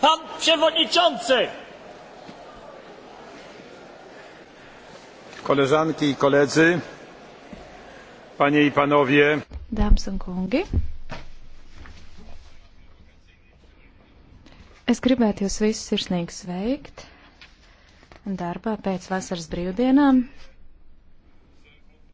Pan Przewodniczący! Koleżanki i koledzy, Panie i Panowie. Dāmas un kungi, es gribētu jūs visus sirsnīgi sveikt darbā pēc vasaras brīvdienām.